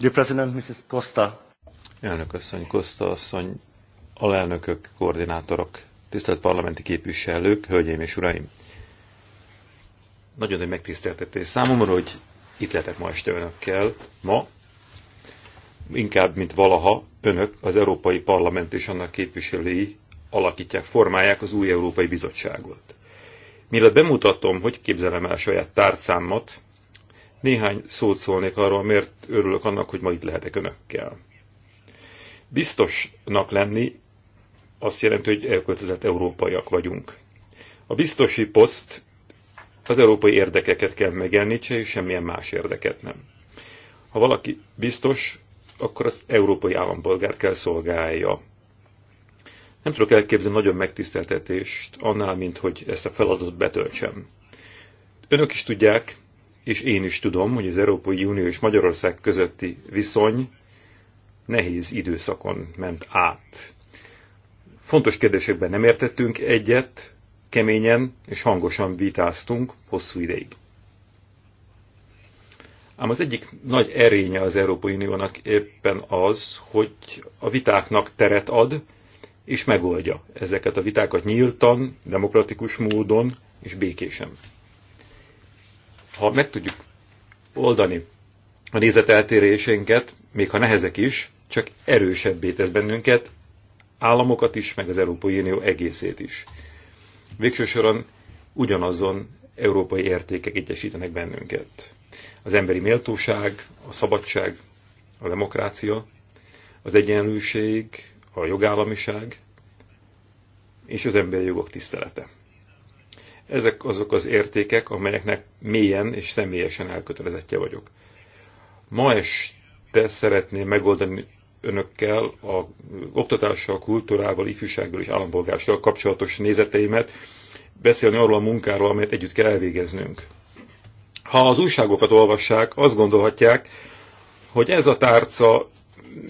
The President, Mrs. Costa. Elnök asszony, Costa asszony, alelnökök, koordinátorok, tisztelt parlamenti képviselők, hölgyeim és uraim! Nagyon nagy megtiszteltetés számomra, hogy itt lehetek ma este önökkel. Ma, inkább, mint valaha, önök, az Európai Parlament és annak képviselői alakítják, formálják az új Európai Bizottságot. Mielőtt bemutatom, hogy képzelem el saját tárcámat, néhány szót szólnék arról, miért örülök annak, hogy ma itt lehetek önökkel. Biztosnak lenni azt jelenti, hogy elköltözött európaiak vagyunk. A biztosi poszt az európai érdekeket kell megjelenítse, és semmilyen más érdeket nem. Ha valaki biztos, akkor az európai állampolgárt kell szolgálja. Nem tudok elképzelni nagyon megtiszteltetést annál, mint hogy ezt a feladatot betöltsem. Önök is tudják, és én is tudom, hogy az Európai Unió és Magyarország közötti viszony nehéz időszakon ment át. Fontos kérdésekben nem értettünk egyet, keményen és hangosan vitáztunk hosszú ideig. Ám az egyik nagy erénye az Európai Uniónak éppen az, hogy a vitáknak teret ad, és megoldja ezeket a vitákat nyíltan, demokratikus módon és békésen ha meg tudjuk oldani a nézeteltérésénket, még ha nehezek is, csak erősebbé tesz bennünket, államokat is, meg az Európai Unió egészét is. Végső soron ugyanazon európai értékek egyesítenek bennünket. Az emberi méltóság, a szabadság, a demokrácia, az egyenlőség, a jogállamiság és az emberi jogok tisztelete. Ezek azok az értékek, amelyeknek mélyen és személyesen elkötelezettje vagyok. Ma este szeretném megoldani önökkel a oktatással, kultúrával, ifjúsággal és állampolgársággal kapcsolatos nézeteimet, beszélni arról a munkáról, amelyet együtt kell elvégeznünk. Ha az újságokat olvassák, azt gondolhatják, hogy ez a tárca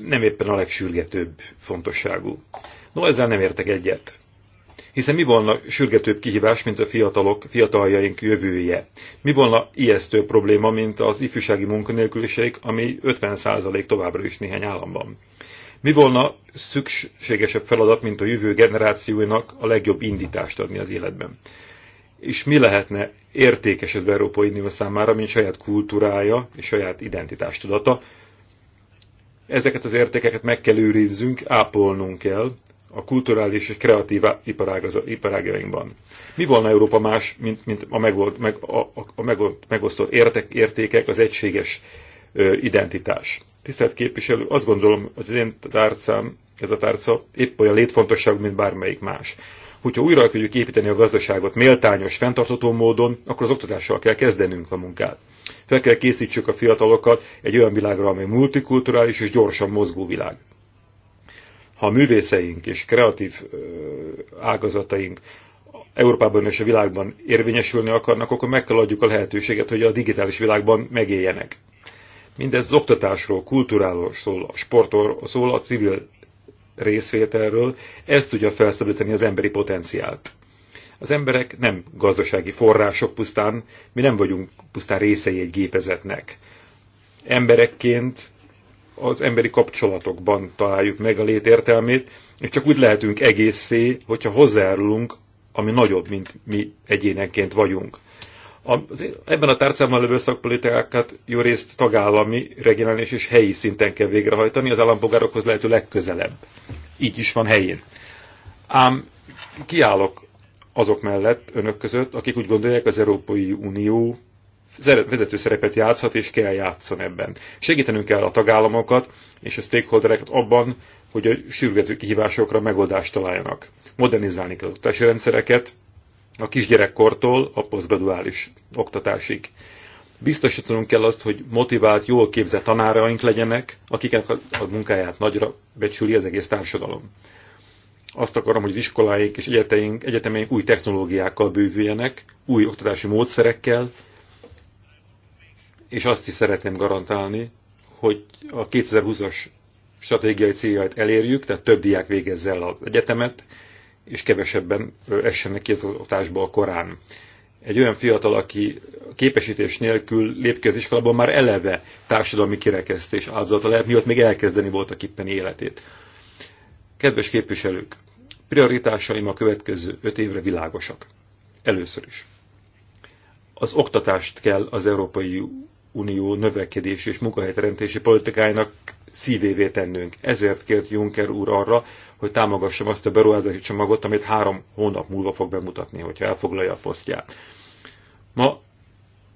nem éppen a legsürgetőbb fontosságú. No, ezzel nem értek egyet. Hiszen mi volna sürgetőbb kihívás, mint a fiatalok, fiataljaink jövője? Mi volna ijesztő probléma, mint az ifjúsági munkanélküliség, ami 50% továbbra is néhány államban? Mi volna szükségesebb feladat, mint a jövő generációinak a legjobb indítást adni az életben? És mi lehetne értékes az Európai Unió számára, mint saját kultúrája és saját identitástudata? Ezeket az értékeket meg kell őrizzünk, ápolnunk kell, a kulturális és kreatív iparág, iparágainkban. Mi volna Európa más, mint, mint a, megold, meg, a, a megold, megosztott értek, értékek, az egységes ö, identitás? Tisztelt képviselő, azt gondolom, hogy az én tárcám, ez a tárca épp olyan létfontosságú, mint bármelyik más. Hogyha újra akarjuk építeni a gazdaságot méltányos, fenntartható módon, akkor az oktatással kell kezdenünk a munkát. Fel kell készítsük a fiatalokat egy olyan világra, amely multikulturális és gyorsan mozgó világ. Ha a művészeink és kreatív ágazataink Európában és a világban érvényesülni akarnak, akkor meg kell adjuk a lehetőséget, hogy a digitális világban megéljenek. Mindez az oktatásról, kultúráról szól, a sportról szól, a civil részvételről, ez tudja felszabadítani az emberi potenciált. Az emberek nem gazdasági források pusztán, mi nem vagyunk pusztán részei egy gépezetnek. Emberekként az emberi kapcsolatokban találjuk meg a létértelmét, és csak úgy lehetünk egészé, hogyha hozzájárulunk, ami nagyobb, mint mi egyénenként vagyunk. Az, ebben a tárcában levő szakpolitikákat jó részt tagállami, regionális és helyi szinten kell végrehajtani, az állampolgárokhoz lehető legközelebb. Így is van helyén. Ám kiállok azok mellett önök között, akik úgy gondolják, az Európai Unió vezető szerepet játszhat és kell játszon ebben. Segítenünk kell a tagállamokat és a stakeholdereket abban, hogy a sürgető kihívásokra megoldást találjanak. Modernizálni kell az oktatási rendszereket, a kisgyerekkortól a posztgraduális oktatásig. Biztosítanunk kell azt, hogy motivált, jól képzett tanáraink legyenek, akiknek a munkáját nagyra becsüli az egész társadalom. Azt akarom, hogy az iskoláink és egyeteink, egyetemeink új technológiákkal bővüljenek, új oktatási módszerekkel, és azt is szeretném garantálni, hogy a 2020-as stratégiai céljait elérjük, tehát több diák végezze el az egyetemet, és kevesebben essenek ki az oktatásba a korán. Egy olyan fiatal, aki képesítés nélkül lép ki az iskolában, már eleve társadalmi kirekesztés áldozata lehet, miatt még elkezdeni voltak éppen életét. Kedves képviselők, prioritásaim a következő öt évre világosak. Először is az oktatást kell az Európai Unió növekedés és munkahelyteremtési politikájának szívévé tennünk. Ezért kért Juncker úr arra, hogy támogassam azt a beruházási csomagot, amit három hónap múlva fog bemutatni, hogyha elfoglalja a posztját. Ma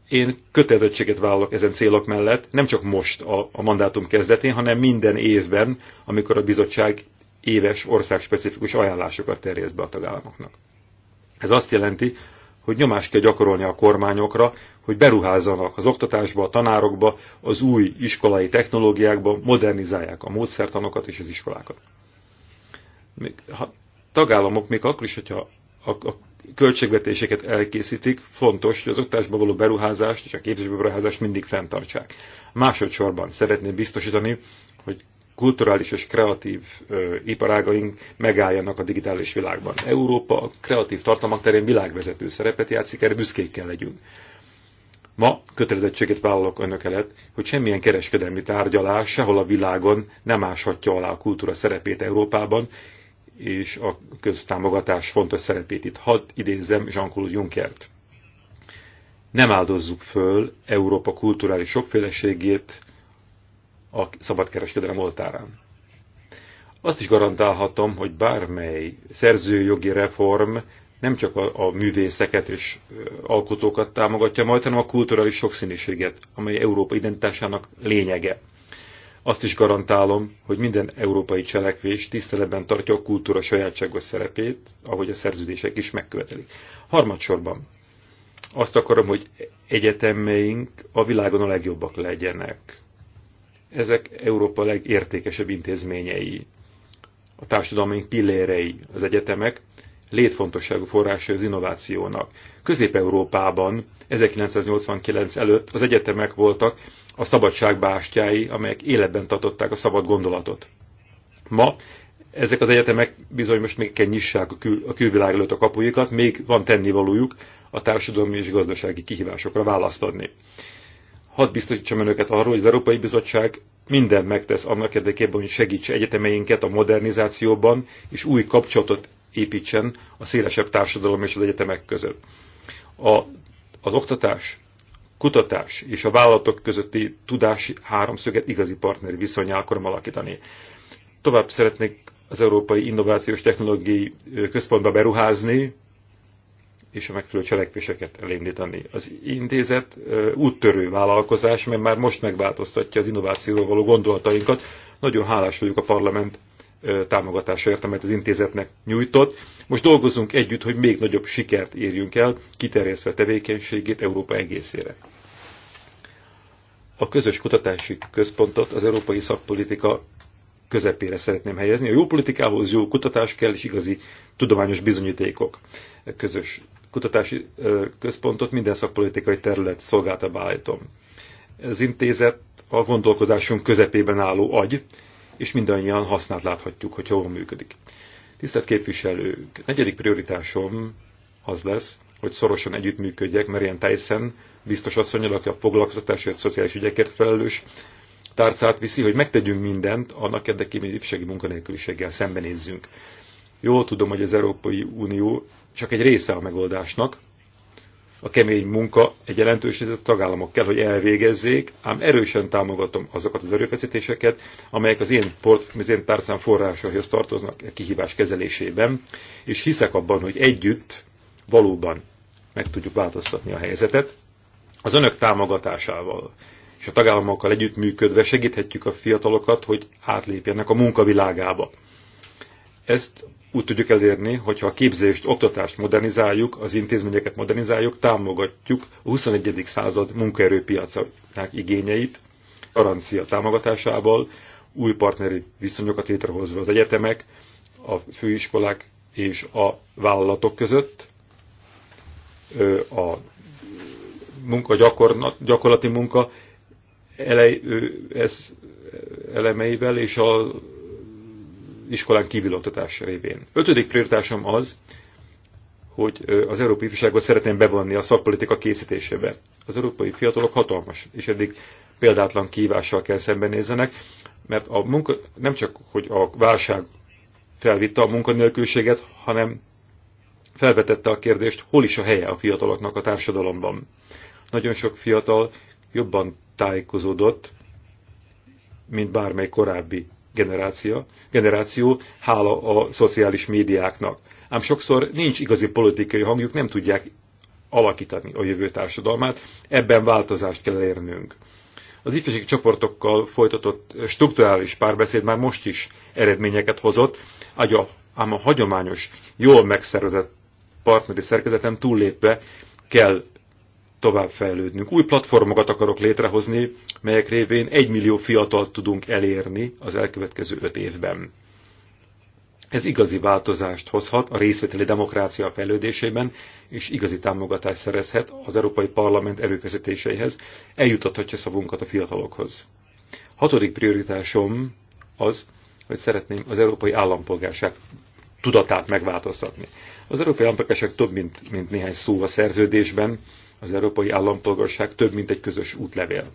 én kötelezettséget vállalok ezen célok mellett, nem csak most a, a mandátum kezdetén, hanem minden évben, amikor a bizottság éves országspecifikus ajánlásokat terjeszt be a tagállamoknak. Ez azt jelenti, hogy nyomást kell gyakorolni a kormányokra, hogy beruházzanak az oktatásba, a tanárokba, az új iskolai technológiákba, modernizálják a módszertanokat és az iskolákat. Még, ha tagállamok még akkor is, hogyha a, a költségvetéseket elkészítik, fontos, hogy az oktatásba való beruházást és a képzésbe beruházást mindig fenntartsák. Másodszorban szeretném biztosítani, hogy kulturális és kreatív ö, iparágaink megálljanak a digitális világban. Európa a kreatív tartalmak terén világvezető szerepet játszik, erre büszkék kell legyünk. Ma kötelezettséget vállalok önök elett, hogy semmilyen kereskedelmi tárgyalás sehol a világon nem áshatja alá a kultúra szerepét Európában, és a köztámogatás fontos szerepét itt. Hadd idézem Jean-Claude Junckert. Nem áldozzuk föl Európa kulturális sokféleségét, a szabadkereskedelem oltárán. Azt is garantálhatom, hogy bármely szerzőjogi reform nem csak a, a művészeket és alkotókat támogatja majd, hanem a kulturális sokszínűséget, amely Európa identitásának lényege. Azt is garantálom, hogy minden európai cselekvés tiszteletben tartja a kultúra sajátságos szerepét, ahogy a szerződések is megkövetelik. Harmadsorban azt akarom, hogy egyetemeink a világon a legjobbak legyenek ezek Európa legértékesebb intézményei, a társadalmi pillérei, az egyetemek, létfontosságú forrása az innovációnak. Közép-Európában 1989 előtt az egyetemek voltak a szabadság bástyái, amelyek életben tartották a szabad gondolatot. Ma ezek az egyetemek bizony most még kell nyissák a, kül, a külvilág előtt a kapuikat, még van tennivalójuk a társadalmi és gazdasági kihívásokra választ adni hadd biztosítsam önöket arról, hogy az Európai Bizottság mindent megtesz annak érdekében, hogy segíts egyetemeinket a modernizációban, és új kapcsolatot építsen a szélesebb társadalom és az egyetemek között. A, az oktatás, kutatás és a vállalatok közötti tudási háromszöget igazi partneri viszonyá akarom alakítani. Tovább szeretnék az Európai Innovációs Technológiai Központba beruházni, és a megfelelő cselekvéseket elindítani. Az intézet úttörő vállalkozás, mert már most megváltoztatja az innovációról való gondolatainkat. Nagyon hálás vagyok a parlament támogatásáért, amelyet az intézetnek nyújtott. Most dolgozunk együtt, hogy még nagyobb sikert érjünk el, kiterjesztve tevékenységét Európa egészére. A közös kutatási központot az európai szakpolitika közepére szeretném helyezni. A jó politikához jó kutatás kell, és igazi tudományos bizonyítékok közös kutatási központot minden szakpolitikai terület szolgáltatába állítom. Ez intézet a gondolkozásunk közepében álló agy, és mindannyian hasznát láthatjuk, hogy hol működik. Tisztelt képviselők, negyedik prioritásom az lesz, hogy szorosan együttműködjek Marian Tyson, biztos asszonyal, aki a foglalkoztatásért, szociális ügyekért felelős tárcát viszi, hogy megtegyünk mindent annak érdekében, hogy ifjúsági munkanélküliséggel szembenézzünk. Jól tudom, hogy az Európai Unió csak egy része a megoldásnak. A kemény munka egy jelentős részét tagállamok kell, hogy elvégezzék, ám erősen támogatom azokat az erőfeszítéseket, amelyek az én, port, az én tárcám forrásaihoz tartoznak a e kihívás kezelésében, és hiszek abban, hogy együtt valóban meg tudjuk változtatni a helyzetet. Az önök támogatásával és a tagállamokkal együttműködve segíthetjük a fiatalokat, hogy átlépjenek a munkavilágába. Ezt úgy tudjuk elérni, hogyha a képzést, oktatást modernizáljuk, az intézményeket modernizáljuk, támogatjuk a 21. század munkaerőpiacának igényeit, garancia támogatásával, új partneri viszonyokat létrehozva az egyetemek, a főiskolák és a vállalatok között, a munka, gyakorlati munka elej, ez elemeivel és a iskolán kívül oktatás révén. Ötödik prioritásom az, hogy az európai ifjúságot szeretném bevonni a szakpolitika készítésébe. Az európai fiatalok hatalmas, és eddig példátlan kívással kell szembenézzenek, mert a munka, nem csak, hogy a válság felvitte a munkanélkülséget, hanem felvetette a kérdést, hol is a helye a fiataloknak a társadalomban. Nagyon sok fiatal jobban tájékozódott, mint bármely korábbi generáció, generáció hála a szociális médiáknak. Ám sokszor nincs igazi politikai hangjuk, nem tudják alakítani a jövő társadalmát, ebben változást kell érnünk. Az ifjúsági csoportokkal folytatott strukturális párbeszéd már most is eredményeket hozott, ám a hagyományos, jól megszervezett partneri szerkezeten túllépve kell továbbfejlődnünk. Új platformokat akarok létrehozni, melyek révén egy millió fiatal tudunk elérni az elkövetkező öt évben. Ez igazi változást hozhat a részvételi demokrácia fejlődésében, és igazi támogatást szerezhet az Európai Parlament erőfeszítéseihez, eljutathatja szavunkat a fiatalokhoz. Hatodik prioritásom az, hogy szeretném az európai állampolgárság tudatát megváltoztatni. Az európai állampolgárság több, mint, mint néhány szó a szerződésben, az európai állampolgárság több, mint egy közös útlevél.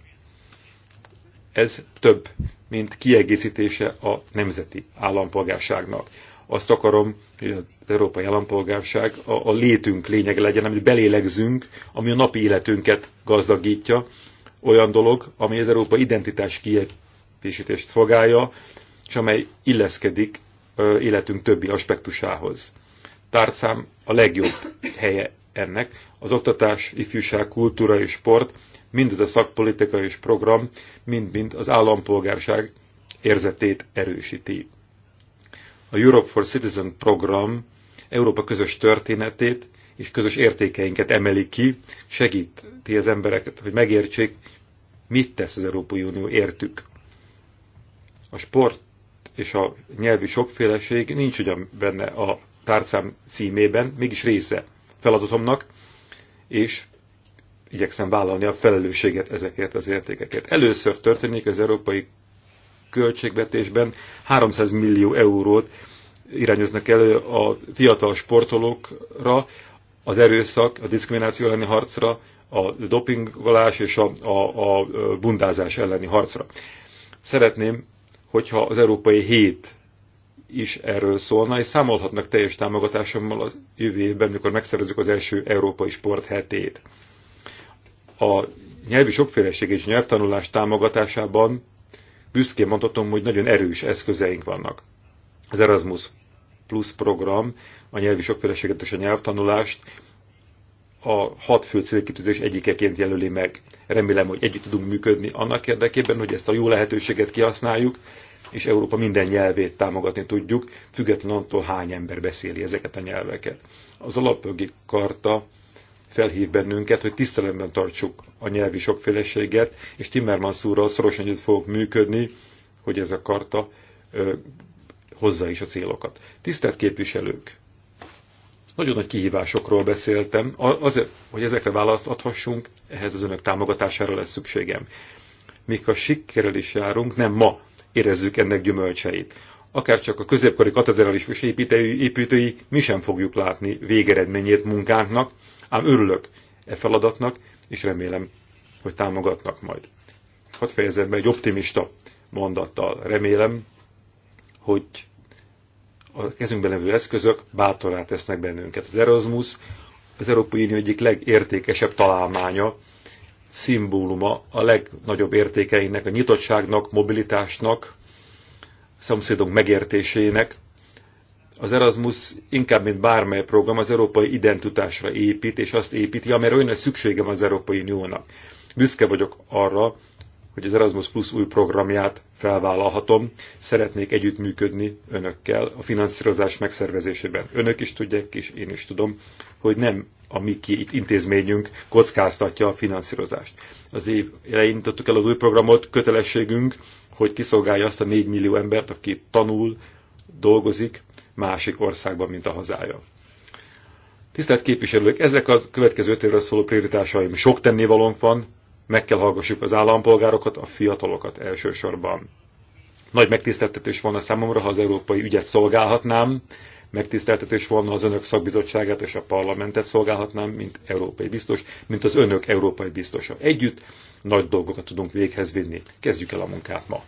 Ez több, mint kiegészítése a nemzeti állampolgárságnak. Azt akarom, hogy az európai állampolgárság a, a létünk lényege legyen, amit belélegzünk, ami a napi életünket gazdagítja, olyan dolog, ami az európai identitás kiegészítést szolgálja, és amely illeszkedik életünk többi aspektusához. Tárcám a legjobb helye ennek az oktatás, ifjúság, kultúra és sport, mindez a szakpolitika és program, mind-mind az állampolgárság érzetét erősíti. A Europe for Citizen program Európa közös történetét és közös értékeinket emeli ki, segíti az embereket, hogy megértsék, mit tesz az Európai Unió értük. A sport és a nyelvi sokféleség nincs ugyan benne a tárcám címében, mégis része feladatomnak, és igyekszem vállalni a felelősséget ezekért az értékeket. Először történik az európai költségvetésben 300 millió eurót irányoznak elő a fiatal sportolókra, az erőszak, a diszkrimináció elleni harcra, a dopingolás és a, a, a bundázás elleni harcra. Szeretném, hogyha az Európai Hét is erről szólna, és számolhatnak teljes támogatásommal a jövő évben, mikor megszervezzük az első európai hetét. A nyelvi sokféleség és nyelvtanulás támogatásában büszkén mondhatom, hogy nagyon erős eszközeink vannak. Az Erasmus Plus program a nyelvi sokféleséget és a nyelvtanulást a hat fő célkitűzés egyikeként jelöli meg. Remélem, hogy együtt tudunk működni annak érdekében, hogy ezt a jó lehetőséget kihasználjuk, és Európa minden nyelvét támogatni tudjuk, függetlenül attól hány ember beszéli ezeket a nyelveket. Az alapjogi karta felhív bennünket, hogy tiszteletben tartsuk a nyelvi sokféleséget, és Timmermans úrral szorosan együtt fogok működni, hogy ez a karta ö, hozza is a célokat. Tisztelt képviselők! Nagyon nagy kihívásokról beszéltem. Azért, hogy ezekre választ adhassunk, ehhez az önök támogatására lesz szükségem még ha sikerrel is járunk, nem ma érezzük ennek gyümölcseit. Akár csak a középkori katedrális építői, építői mi sem fogjuk látni végeredményét munkánknak, ám örülök e feladatnak, és remélem, hogy támogatnak majd. Hadd fejezem be egy optimista mondattal. Remélem, hogy a kezünkben levő eszközök bátorá tesznek bennünket. Az Erasmus az Európai Unió egyik legértékesebb találmánya, szimbóluma a legnagyobb értékeinek, a nyitottságnak, mobilitásnak, szomszédunk megértésének. Az Erasmus inkább, mint bármely program, az európai identitásra épít, és azt építi, amire olyan szüksége van az Európai Uniónak. Büszke vagyok arra, hogy az Erasmus Plus új programját felvállalhatom. Szeretnék együttműködni önökkel a finanszírozás megszervezésében. Önök is tudják, és én is tudom, hogy nem a mi két intézményünk kockáztatja a finanszírozást. Az év elején el az új programot, kötelességünk, hogy kiszolgálja azt a 4 millió embert, aki tanul, dolgozik másik országban, mint a hazája. Tisztelt képviselők, ezek a következő öt évre szóló prioritásaim. Sok tennivalónk van, meg kell hallgassuk az állampolgárokat, a fiatalokat elsősorban. Nagy megtiszteltetés van a számomra, ha az európai ügyet szolgálhatnám, megtiszteltetés volna az önök szakbizottságát és a parlamentet szolgálhatnám, mint európai biztos, mint az önök európai biztosa. Együtt nagy dolgokat tudunk véghez vinni. Kezdjük el a munkát ma.